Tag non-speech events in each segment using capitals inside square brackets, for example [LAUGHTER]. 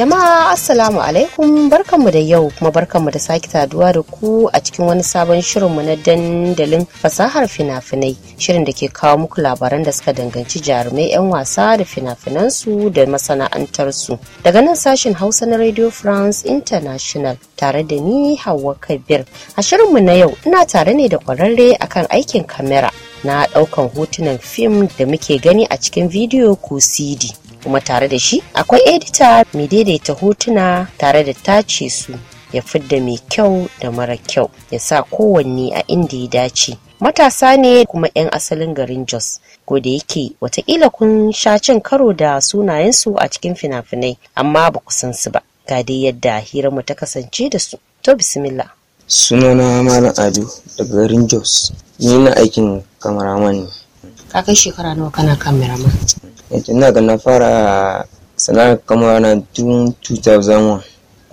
Jama'a Assalamu alaikum barkanmu da yau kuma barkanmu da sake saduwa da ku a cikin wani sabon shirinmu na dandalin fasahar fina-finai shirin da ke kawo muku labaran da suka danganci jarumai 'yan wasa da fina-finansu da masana'antarsu. Daga nan sashen Hausa na Radio France International tare da ni Hauwa Kabir. A shirinmu na yau ina tare ne da kwararre akan aikin kamera na ɗaukan hotunan fim da muke gani a cikin bidiyo ko CD. kuma tare da shi akwai edita mai daidaita hotuna tare da tace su ya fidda mai kyau da mara kyau ya sa kowanne a inda ya dace matasa ne kuma 'yan asalin garin jos ko da yake watakila kun sha cin karo da sunayensu a cikin fina-finai amma ba ku san su ba ga dai yadda hirarmu ta kasance da su to bismillah sunana malam ado daga garin jos ni na aikin kamaraman ne ka kai shekara nawa kana kamaraman yanzu na ga na fara sana'ar kamar na tun 2001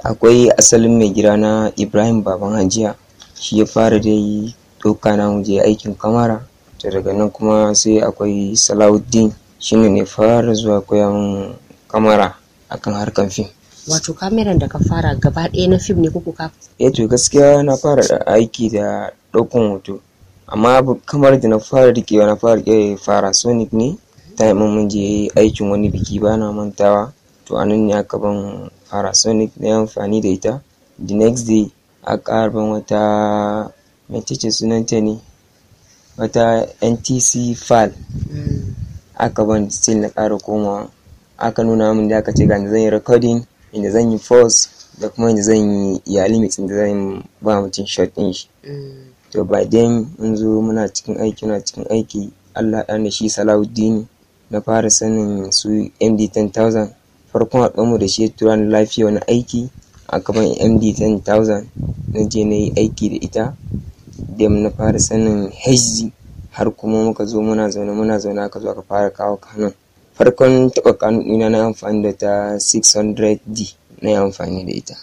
akwai asalin mai gida na ibrahim baban hajiya shi ya fara dai doka na waje aikin kamara to daga nan kuma sai akwai salawuddin shi ne fara zuwa koya kamara akan harkan fim wato kameran da ka fara gaba ɗaya na fim ne kuku ka eh gaskiya na fara da aiki da ɗaukan hoto amma kamar da na fara rikewa na fara fara sonic ne time mun je aikin wani biki ba na mantawa to a nan ne aka ban parasonic na amfani da ita the next day aka ban wata mecece sunanta ne wata ntc fal hmm. aka ban still na ƙara komawa aka nuna min da aka ce ga zan yi recording inda zan yi force da kuma inda zan yi ya limit inda zan ba mutum shot din shi hmm. to by then mun zo muna cikin aiki muna cikin aiki Allah ya da shi Salahuddin na fara sanin su MD10000 farkon mu da shi ya tura ni lafiya wani aiki a gaban MD10000 na je na yi aiki da ita da na fara sanin hd har kuma muka zo muna zaune muna zaune aka zo aka fara kawo kanun farkon taɓa kanun ɗina na amfani da ta 600D na yi amfani da ita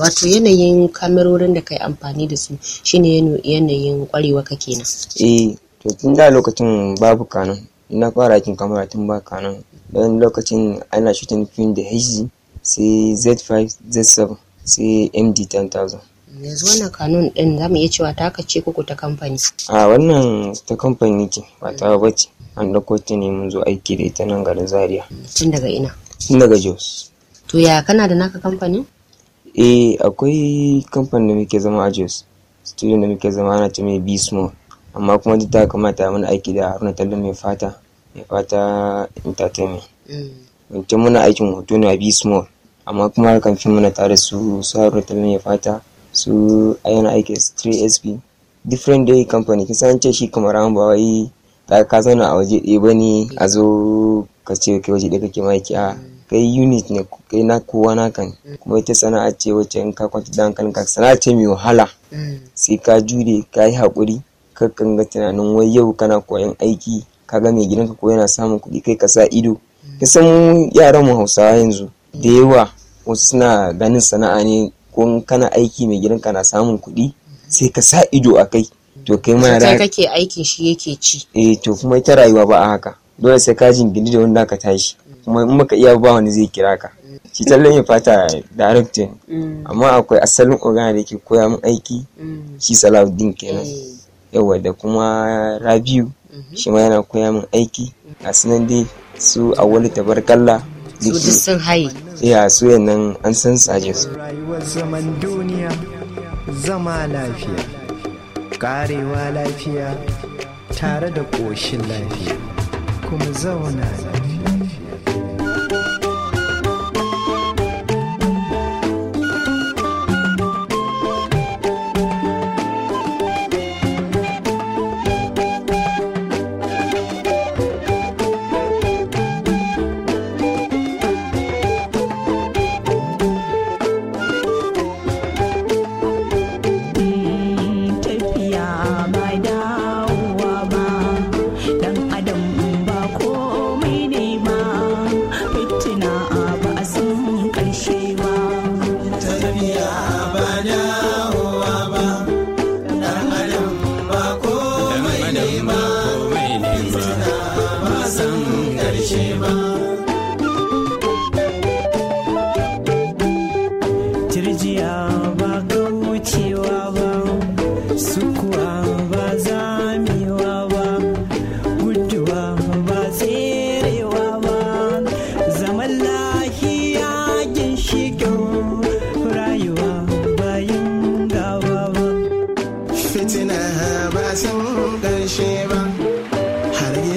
wato yanayin kamarorin da kai amfani da su shine yanayin kwarewa ka na. eh to tun da lokacin babu kanun na fara aikin kamera tun ba kanan don lokacin ana shooting film da hd sai z5 z7 sai md 10000 yanzu wannan kanun din zamu iya cewa ta ce kuku ta kamfani a wannan ta kamfani ce ba ta ba ce an ɗauko ta ne mun zo aiki da ita nan garin zaria tun daga ina tun daga jos to ya kana da naka kamfani eh akwai kamfani da muke zama a jos studio da muke zama ana ce mai small amma kuma duk da kamata muna aiki da haruna tallo mai fata mai fata entertainment mm. wancan muna aikin hoto ne a b small amma kuma harkan fi muna tare su su haruna tallo mai fata su ayan aiki su 3sp different day company kin ce shi kamar an ba wai ka zauna a waje ɗaya ba ne a zo ka ce kai waje ɗaya kake maki a mm. kai unit ne kai na kowa na kan mm. kuma ita sana'a ce wacce in ka kwanta da hankalin ka sana'a ce mai wahala sai ka jure ka yi haƙuri kakan ga tunanin wai yau kana koyan aiki kaga mai gidanka ko yana samun kuɗi kai ka sa ido san yaran mu hausawa yanzu da yawa wasu suna ganin sana'a ne ko kana aiki mai gidanka na samun kuɗi sai ka sa ido a kai to kai ma da kake aikin shi yake ci eh to kuma ita rayuwa ba a haka dole sai ka jingini da wanda ka tashi kuma in baka iya ba wani zai kira ka shi tallan ya fata directing mm. amma akwai asalin organa da yake koya min aiki mm. shi salahuddin kenan eh. yawa da kuma rabiu mhm. shi ma yana koya min aiki a sunan dai su a wani su ji sun haye ya su nan an san saje su rayuwar zaman duniya zama lafiya karewa lafiya tare da ƙoshin lafiya kuma zauna lafiya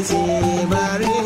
ce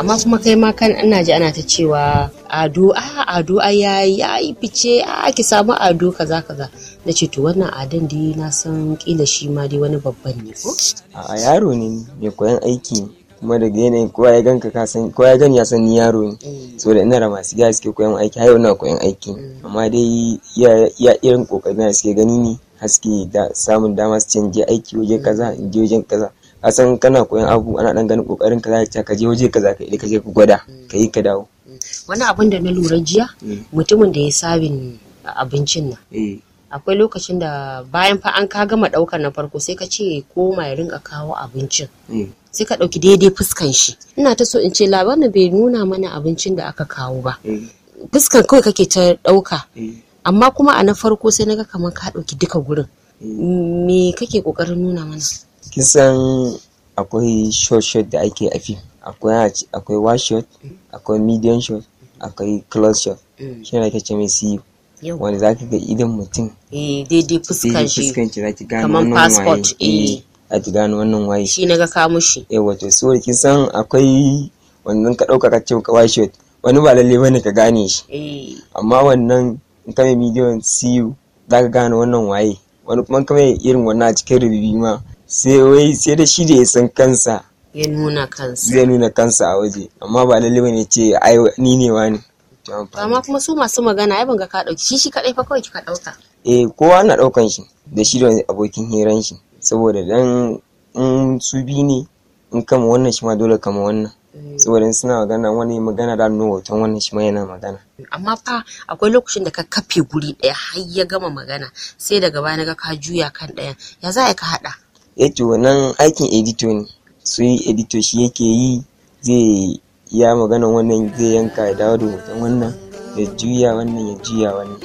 amma kuma kai ma kan ana ji ana ta cewa ado a ado a ya yi fice a ki samu ado kaza kaza na ce to wannan adon dai na san kila shi ma dai wani babban ne ko a yaro ne mai koyan aiki kuma daga yanayin kowa ya ganka kowa ya gani ya san ni yaro ne mm. saboda ina rama masu gida suke koyan aiki har yau na koyan aiki mm. amma dai ya irin kokarin da suke gani ne haske da samun dama su canje aiki waje kaza in je wajen kaza a san kana koyan abu ana dan ganin kokarin ka za ka je waje ka kaza ka ka je ka gwada mm. ka yi ka dawo mm. wani abin da na lura jiya mm. mutumin da ya sabin abincin nan eh. akwai lokacin da bayan fa an ka gama ɗaukar na farko sai ka ce koma ya rinka kawo abincin sai ka ɗauki daidai fuskan shi ina ta so in ce labarin bai nuna mana abincin da aka kawo ba eh. fuskan kawai kake ta ɗauka eh. amma kuma a na farko sai na ga kamar ka ɗauki duka gurin me kake kokarin nuna mana kisan akwai short shot da ake a fi? akwai wide shot akwai medium shot akwai close shot mm. shi ne ake ce mai siyo wanda za ka ga idan mutum eh, daidai fuskan shi kamar passport eh, eh a ti gano wannan waye shi na ga ka mushi eh wato so kin san akwai wannan ka dauka ka ce ka wide shot wani ba lalle bane ka gane shi eh. amma wannan in ka mai medium siyu za ka gane wannan waye wani kuma ka mai irin wannan a cikin rubi ma sai wai sai da shi da ya san kansa ya nuna kansa nuna kansa a waje amma ba lalle bane ce ai ni ne wani amma kuma su masu magana ai banga ka dauki shi shi kadai fa kawai kika dauka eh kowa na daukan shi da shi da abokin hiran shi saboda dan in su bi ne in kama wannan shi ma dole kama wannan eh. saboda in suna magana wani magana da nuna hoton wannan shi ma yana magana amma fa akwai lokacin da ka kafe guri daya har ya gama magana sai daga baya na ga ka juya kan daya ya za ka hada Eh to nan aikin edito ne su yi edito shi yake yi zai ya magana wannan zai yanka ya dawo da hoton wannan ya juya wannan ya juya wannan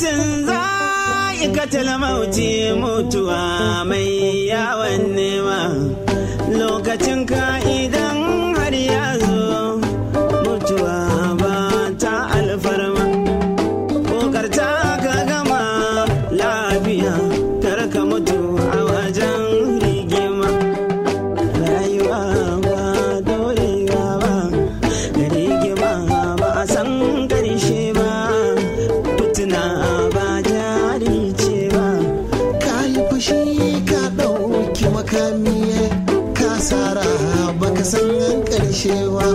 za a za'ikatal mauti mutuwa mai yawon nema lokacin ka'ida baka san yan ƙarshe ba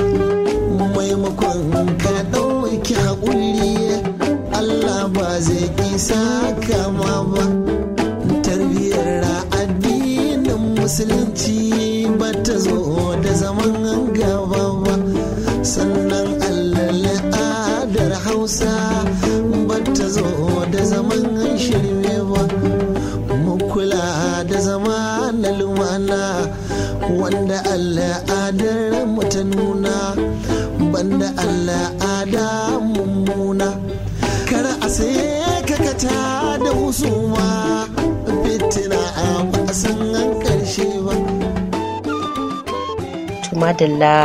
maimakon ka ɗauki haƙuri Allah ba zai isa kama ba tarbiyyar addinin musulunci ba ta zo da zaman gaba ba sannan Allah adar hausa ba ta zo da zaman shirme ba mu da zama na lumana wanda al'adar mu ta nuna banda Allah al'ada mummuna kar a sai kakata da husuma fitina a basan karshe ba da la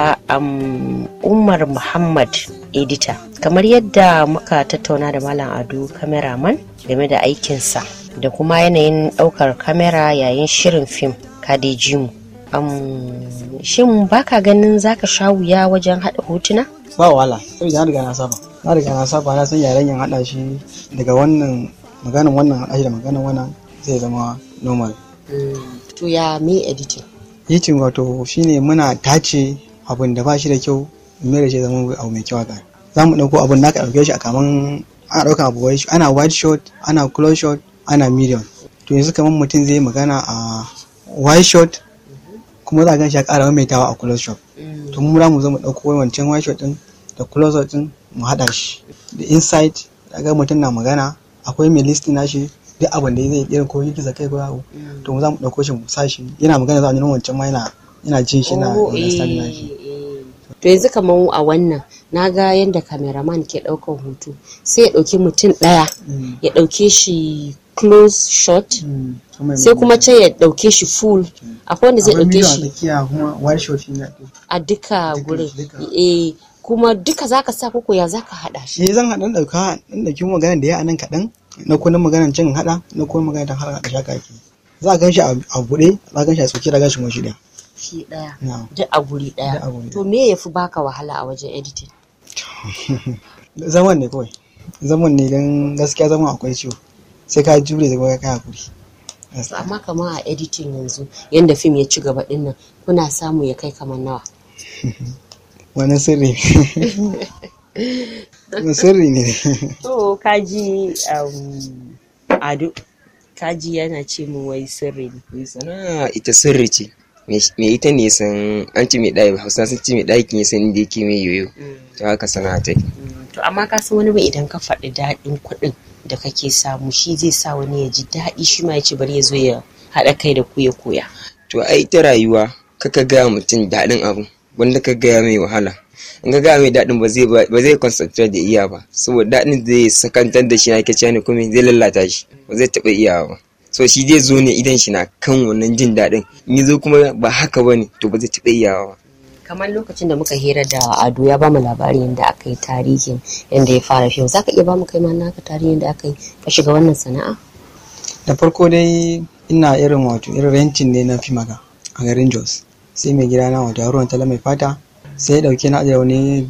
umar muhammad edita kamar yadda muka tattauna da malam ado kameraman game da aikinsa da kuma yanayin ɗaukar kamera yayin shirin fim kadejimu shin baka ganin zaka sha wuya wajen haɗa hotuna ba wala saboda na riga na saba na riga na saba na san yaren yin haɗa shi daga wannan maganin wannan haɗa shi da maganin wannan zai zama normal eh, to ya me editing editing wato shine muna tace abin da ba shi da kyau me da shi zama abu mai kyau haka za mu ɗauko abin naka ɗauke shi a kaman ana ɗaukan abu wai ana wide shot ana close shot ana medium to yanzu kamar mutum zai magana a wide shot kuma za a ganshi ya ƙara maimaitawa a close shop mm. to mu mu zo mu ɗauko wancan white shot ɗin da close shot ɗin mu haɗa shi da insight ga mutum na magana akwai mai listin nashi duk abin da zai irin ko girgiza kai ko yawo mm. to mu za mu ɗauko shi mu sa shi yana magana za a nuna wancan ma yana yana jin shi na understanding oh, eh, nashi eh. to yanzu kamar a wannan na ga yadda cameraman ke ɗaukan hoto sai ya ɗauki mutum ɗaya mm. ya ɗauke shi close shot hmm, sai kuma can ya dauke shi full hmm. akwai wanda zai dauke shi a duka gurin eh, kuma duka zaka sa koko ya zaka hada shi eh zan hada dauka in dauki magana da ya anan kadan na kuma maganar cin hada na kuma magana da har hada shaka yake za ka shi a bude za ka shi a tsoki da gashin shi daya shi daya duk a guri daya to me yafi baka wahala a wajen editing [LAUGHS] zaman ne kawai zaman ne don gaskiya zaman akwai ciwo sai ka jure da kuma ka hakuri amma kamar a editing yanzu yanda fim ya ci gaba dinnan kuna samu ya kai kamar nawa wani [LAUGHS] sirri wani sirri ne [LAUGHS] [LAUGHS] to kaji um, adu kaji yana ce mu wai sirri ne sana'a ita sirri ce me ita ne san an ci mai ɗaki hausa sun ci mai ɗaki kin san inda yake mai yoyo mm. to haka sana'a ta mm, to amma ka san wani ba idan ka faɗi daɗin kuɗin da kake samu shi zai sa wani ya ji daɗi shi ma ya ce bari ya zo ya haɗa kai da ku ya koya to ai ta rayuwa kaka gaya mutum daɗin abu wanda ka gaya mai wahala in ka gaya mai daɗin ba zai da iya ba saboda daɗin zai sakantar da shi na ke ni kuma zai lalata shi ba zai taɓa iya ba so shi zai zo ne idan shi na kan wannan jin daɗin in zo kuma ba haka ba ne to ba zai taɓa iya ba kamar lokacin da muka hira da ado ya bamu labarin yadda aka yi tarihin yadda ya fara za ka iya bamu kai ma naka tarihin da aka yi ka shiga wannan sana'a da farko dai ina irin wato irin rentin ne na fimaga a garin jos sai mai gida na wato yaron tala mai fata sai ya dauke na ajiye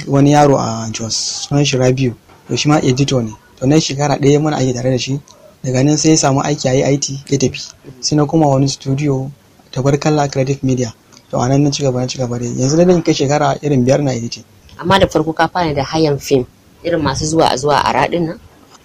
wani yaro a jos sunan shi rabiu to shi ma edito ne to nan shekara ɗaya muna aiki tare da shi daga nan sai ya samu aiki a yi it ya tafi sai na kuma wani studio tabarkalla creative media to a nan na ci gaba na ci gaba dai yanzu dai nan kai shekara irin biyar na ce. amma da farko ka fara da hayan fim irin masu zuwa a zuwa a radin nan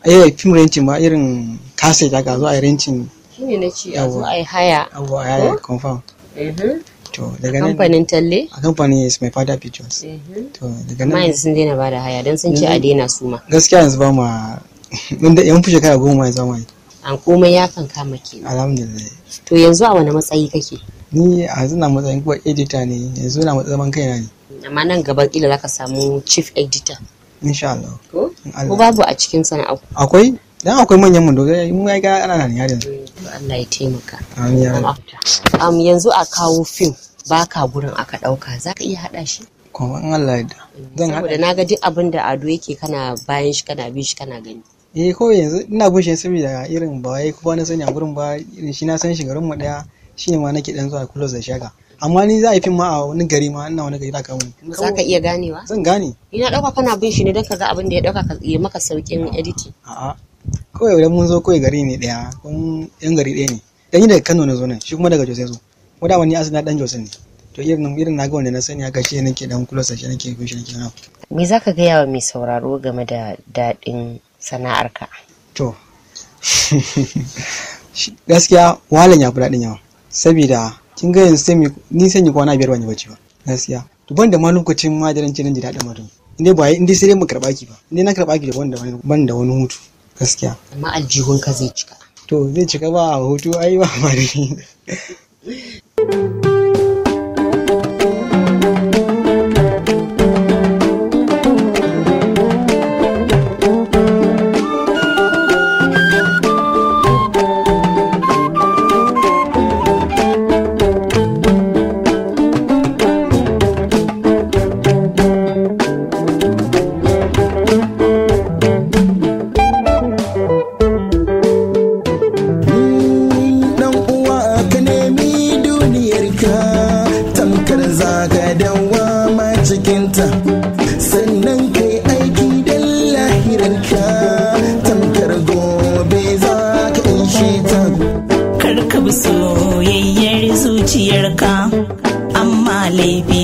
ayo eh, fim rancin ma irin kasai daga zuwa a rentin shine na ci a zuwa a haya abu a haya confirm mhm. to daga nan kamfanin talle a kamfanin is my father pictures mhm. to daga nan yanzu sun daina ba da haya don sun ce a daina su ma gaskiya yanzu ba ma [LAUGHS] mun da yan fi shekara goma yanzu ma an komai ya kan kama kenan alhamdulillah to yanzu a wani matsayi kake ni a yanzu na matsayin kuwa editor ne yanzu na matsayin zaman kaina ne amma nan gaba kila zaka samu chief editor insha Allah ko babu a cikin sana'a akwai dan akwai manyan mu dole mun ya ga ana nan yarin Allah ya taimaka amin ya am yanzu a kawo film baka gurin aka dauka zaka iya hada shi kuma in Allah ya zan hada saboda naga duk abin da ado yake kana bayan shi kana bi shi kana gani eh ko yanzu ina gushe saboda irin ba wai kowa na sani a gurin ba irin shi na san shi garin mu daya shine ma nake dan zuwa kullum da shaga amma ni za a yi fim ma a wani gari ma ina wani gari za ka za ka iya ganewa zan gane ina dauka kana bin shi ne don ka ga abin da ya dauka ka maka saukin editing a'a kawai idan mun zo kawai gari ne daya kun yan gari daya ne dan ni daga Kano na zo nan shi kuma daga Jos ne. zo mu da wani asali na dan Jos ne to irin irin naga wanda na sani haka shi nake dan kula sa shi nake bin shi nake na me zaka ga yawa mai sauraro game da dadin sana'arka to [LAUGHS] gaskiya walan ya fi dadin yawa saboda kin ga yanzu sai ni sai kwana biyar ban yi bacci ba gaskiya to ban da ma lokacin ma da ranci ranji daɗin mutum inda ba inda sai dai mu karɓa ki ba inda na karɓa ki da ban da ban da wani hutu gaskiya amma aljihun ka zai cika to zai cika ba hutu ai ba ma da [LAUGHS]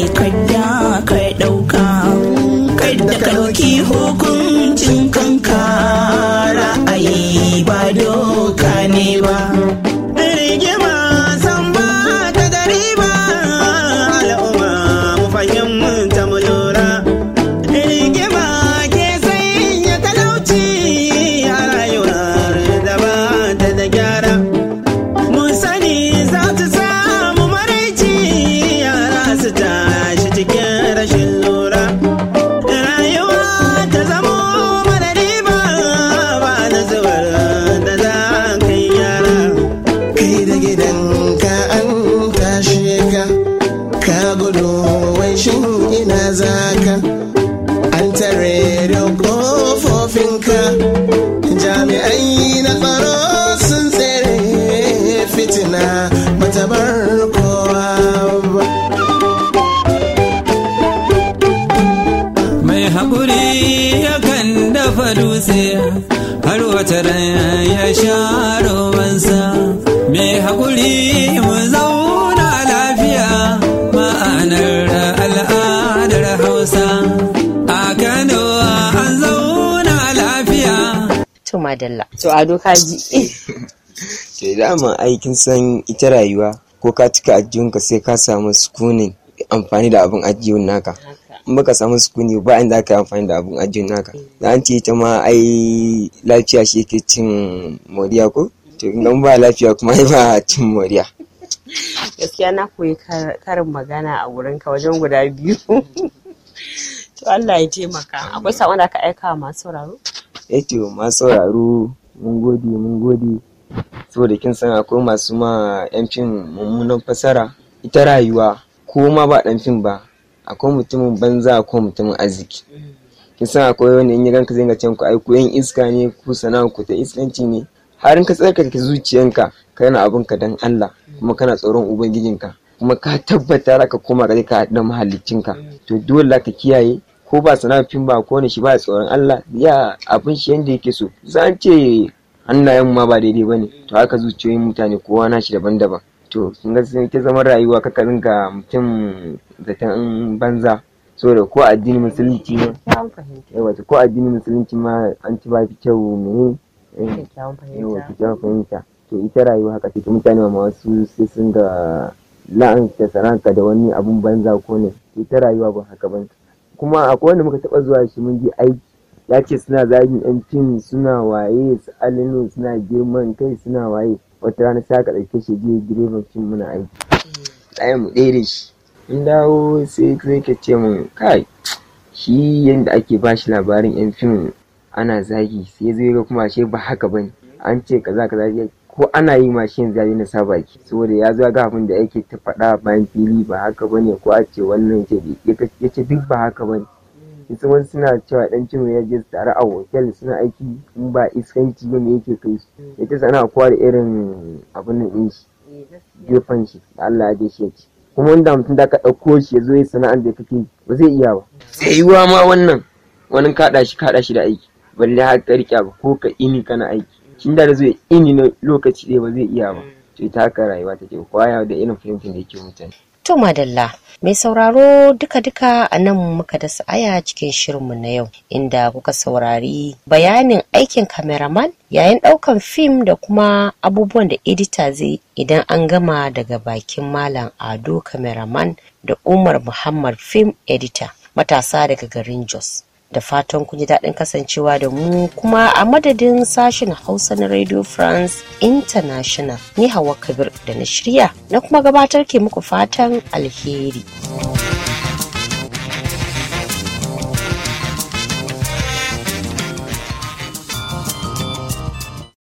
ne kada ka ɗauka kada ka ɗauki hukuncin kanka dutse har wata ran ya sha romansa me haƙuri mu zauna lafiya ma'anar al'adar hausa a kano an zauna lafiya to madalla to ado kaji [LAUGHS] ke dama aikin san ita rayuwa ko ka cika ajiyunka sai ka samu sukunin amfani da abin ajiyun naka in baka samu sukuni ba inda ka amfani da abun ajiyar naka da an ce ita ma ai lafiya shi yake cin moriya ko to in ba lafiya kuma ai ba cin moriya gaskiya na koyi karin magana a wurin ka wajen guda biyu [LAUGHS] to Allah ya taimaka akwai saƙon da aka aika wa masu sauraro eh to masu sauraro mun gode mun gode saboda kin san akwai masu ma yan mummunan fasara ita rayuwa ko ma ba dan fim ba akwai mutumin banza akwai mutumin arziki kin san akwai wani in ranka zai can ku ai ku yan iska ne ku sana'a ku ta iskanci ne har in ka tsarkake zuciyanka kana abin ka dan Allah kuma kana tsoron ubangijinka kuma ka tabbata raka koma gare ka da mahallicinka to dole ka kiyaye ko ba sana'afin ba ko ne shi ba tsoron Allah ya abin shi yanda yake so zan ce hannayen ma ba daidai bane to haka zuciyoyin mutane kowa na shi daban-daban to sun ga sun zama rayuwa ka ka rinka mutum zaton banza saboda ko addini musulunci ma ko addini musulunci ma an ci ba kyau ne yawa kyawun fahimta to ita rayuwa haka take mutane ma wasu sai sun ga ta saranka da wani abun banza ko ne ita rayuwa ba haka ba kuma akwai wanda muka taba zuwa shi mun ji aiki ya ce suna zagin yan fim suna waye su alinu suna girman kai suna waye wata rana sai ka ɗauke shi je direban cin muna aiki ɗaya eh. mu ɗaya shi in dawo sai sai ka ce mun kai shi yadda ake bashi labarin yan fim ana zagi sai zai ga kuma ashe ba haka bane an ce kaza kaza ko ana yi ma shi yanzu na sa ki? saboda ya zo ga abin da yake ta faɗa bayan fili ba haka bane ko a ce wannan ya ce duk ba haka bane su wani suna cewa dan cin ya je tare a hotel suna aiki in ba iskanci ba yake kai su ya ce sana kowa da irin abin nan din shi gefen shi da Allah ya je shi kuma wanda mutum da ka ɗauko shi ya zo ya sana'ar da kake ba zai iya ba tsayuwa ma wannan wani kaɗa shi kaɗa shi da aiki balle har ka riƙe ba ko ka ini kana aiki shin da zai ini na lokaci ɗaya ba zai iya ba to ta haka rayuwa take kwaya da irin fahimtar da yake mutane To madalla. Mai sauraro duka-duka a nan muka da sa'aya cikin shirinmu na yau inda kuka saurari bayanin aikin kameraman yayin ɗaukan fim da kuma abubuwan da edita zai idan an gama daga bakin Malam Ado kameraman da Umar Muhammad fim edita matasa daga garin Jos. da fatan ku ji daɗin kasancewa da mu kuma a madadin sashen hausa na radio france international ni hawa kabir da na shirya na kuma gabatar ke muku fatan alheri.